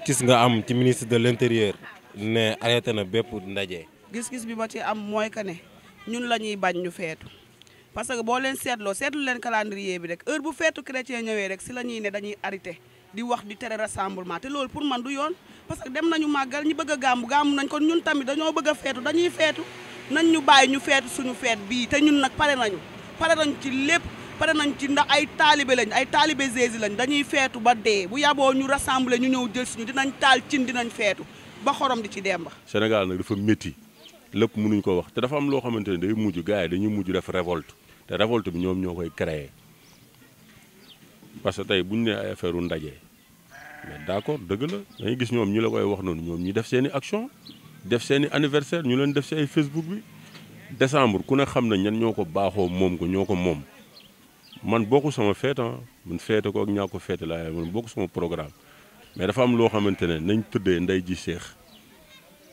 gis-gis nga am ci ministre de l' intérieur ne arrêté na bépp ndaje. gis-gis bi ma ci am mooy que ne ñun lañuy bañ ñu feetu parce que boo leen seetloo seetlu leen calendrier bi rek heure bu feetu chrétien ñëwee rek si la ñuy ne dañuy arrêté di wax di tere rassemblement te loolu pour man du yoon parce que dem nañu màggal ñi bëgg a gàmmu gàmmu nañ kon ñun tamit dañoo bëgg a feetu dañuy feetu nañ ñu bàyyi ñu feetu suñu feet bii te ñun nag pare nañu pare nañu ci lépp. pare nañ ci ndax ay taalibe lañ ay taalibe Jésus lañ dañuy feetu ba dee bu yaboo ñu rassemblé ñu ñëw jël ñu dinañ taal cin dinañ feetu ba xorom di ci demba Sénégal nag dafa métti lépp mënuñ ko wax te dafa am loo xamante ne day mujj gars yi dañuy mujj def révolte te révolte bi ñoom ñoo koy créer parce que tey bu ñu nee ay affaire u ndaje mais d'accord dëgg la dañuy gis ñoom ñu la koy wax noonu ñoom ñu def seen i action def seeni i ñu leen def si ay Facebook décembre ku ne xam na ñan ñoo ko baaxoo moom ko ñoo ko moom man bokku sama feet ah. man feete ko ak ñaa ko feete laa man bokk sama programme mais dafa am loo xamante ne nañ tuddee ndey ji seex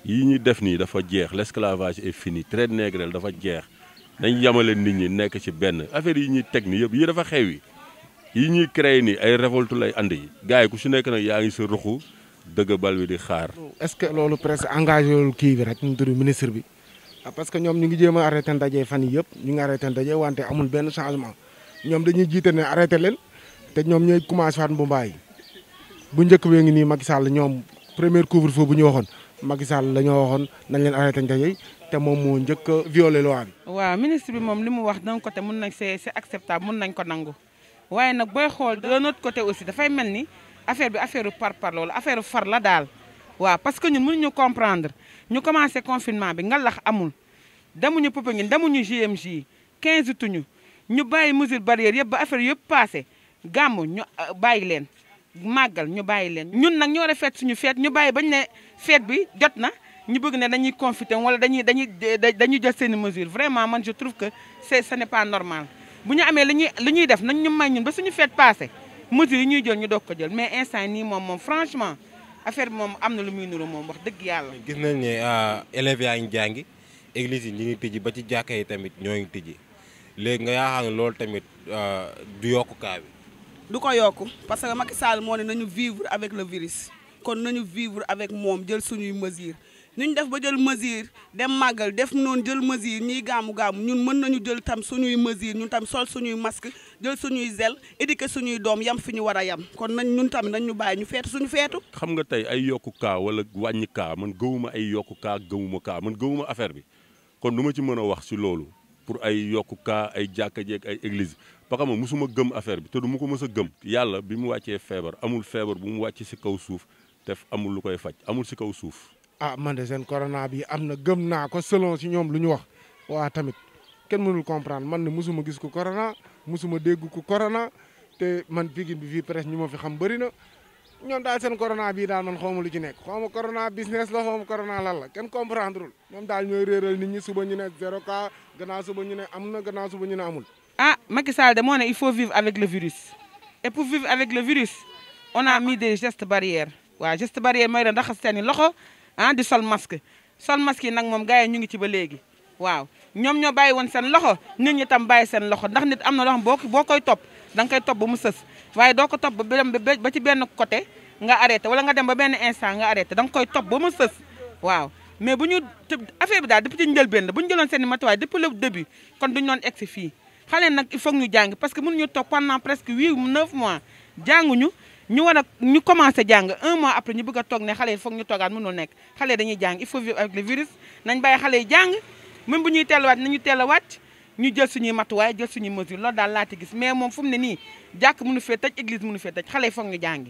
yi ñuy def nii dafa jeex l'esclavage et fini traite négrière dafa jeex nañ yamale nit ñi nekk ci benn affaire yi ñuy teg nii yëpp yi dafa xew yi yi ñuy créé nii ay révolte lay andi yi gars ku si nekk nag yaa ngi sa ruxu dëgg bal bi di xaar. est-ce que loolu presque engagé kii bi rek ñu tudd ministre bi ah, parce que ñoom ñu ngi jéem a arrêté ndaje fan yëpp ñu ngi arrêté ndaje wante amul benn changement. ñoom dañuy jiite ne arrêté leen te ñoom ñooy commencé bu mbumbaay bu njëkk bee ngi nii Macky Sall ñoom première couvre-feu bu ñu waxoon Macky Sall la ñoo waxoon nañ leen arrêté tey te moom moo njëkk a violé loi bi. waaw ministre bi moom li mu wax d'un côté mun nañ c'est c'est acceptable mun nañ ko nangu waaye nag booy xool d'un autre côté aussi dafay mel ni affaire bi affaire par par loolu affaire far la daal. waaw parce que ñun mënuñu comprendre ñu commencé confinement bi ngalax amul demuñu Popenguine demuñu GMG 15 tuñu. ñu bàyyi mesure barrière yëpp ba affaire yëpp passé gàmmu ñu euh, bàyyi leen màggal ñu bàyyi leen ñun nag ñu war a feet suñu feet ñu bàyyi bañ ne feet bi jot na ñu bëgg ne dañuy confité wala dañuy dañuy dañuy jël seen mesure vraiment man je que c'est ce n'est bu ñu amee li ñuy li ñuy def nañ ñu may ñun ba suñu feet passé mesure yi ñuy jël ñu doog ko jël mais instant nii moom moom franchement affaire bi moom am na lu muy nuru moom wax dëgg yàlla gis nañ ne euh, élèves yaa ngi jàngi église yi ñu ngi tijji ba ci jàkka yi tamit ñoo ngi tijji léegi nga yaakaar loolu tamit euh, du yokk kaa bi. du ko yokk parce que Macky Sall moo ne nañu vivre avec le virus kon nañu vivre avec moom jël suñuy mesures ñu def ba jël mesure dem màggal def noonu jël mesure ñiy gaamu gaamu ñun mën nañu jël tam suñuy mesure ñun tam sol suñuy masque jël suñuy zel éduquer suñuy doom yam fi ñu war a yam kon nañ ñun tamit nañ ñu bàyyi ñu feetu suñu feetu. xam nga tey ay yokku kaa wala wàññi kaa man gëwuma ay yokku kaa gëwuma kaa man gëwuma affaire bi kon du ma ci mën a wax si loolu pour ay yokku kaa ay jàkka jeeg ay église ba xam nga mosuma gëm affaire bi te du ma ko mës a gëm yàlla bi mu wàccee feebar amul feebar bu mu wàccee si kaw suuf te amul lu koy faj amul si kaw suuf ah man de seen corona bi am na gëm naa ko selon si ñoom lu ñu wax waa tamit kenn mënul comprendre man ne mosuma gis ko corona mosuma dégg ko corona te man Pikine bi fii presque ñu ma fi xam bëri na ñoom daal seen corona bii daal man xawma lu ci nekk xawma corona business la xawma corona lan la kenn comprendrewul ñoom daal ñooy réeral nit ñi suba ñu ne zéro cas gannaaw suba ñu ne amul. ah Macky Sall de moo ne il faut vivre avec le virus et pour vivre avec le virus on mis des gestes barrières waaw geste barrière mooy doon raxas seeni loxo ah di sol masque sol masque yi nag moom gars yi ñu ngi ci ba léegi waaw ñoom ñoo bàyyi woon seen loxo nit ñi tam bàyyi seen loxo ndax nit am na loo xam boo koy topp da koy topp ba mu sës. waaye doo ko topp ba dem ba ci benn côté nga arrêté wala nga dem ba benn instant nga arrêté da nga koy topp ba mu sës waaw mais bu ñu affaire bi daal depuis ci njëlbéen la bu ñu jëloon seen i matuwaay depuis le début kon duñu doon egsi fii xale nag il faut ñu jàng parce que mënuñu toog pendant presque huit neuf mois jànguñu ñu war a ñu commencé jàng un mois après ñu bëgg a toog ne xale yi foog ñu toogaat mënul nekk xale dañuy jàng il faut vivre virus nañ bàyyi xale yi jàng même bu ñuy teelawaat nañu teelawaat ñu jël suñuy matuwaay jël suñuy mesure loolu daal laa gis mais moom fu mu ne nii jàkk mënu fee tëj église mënu fee tëj xale yi foog ñu jàngi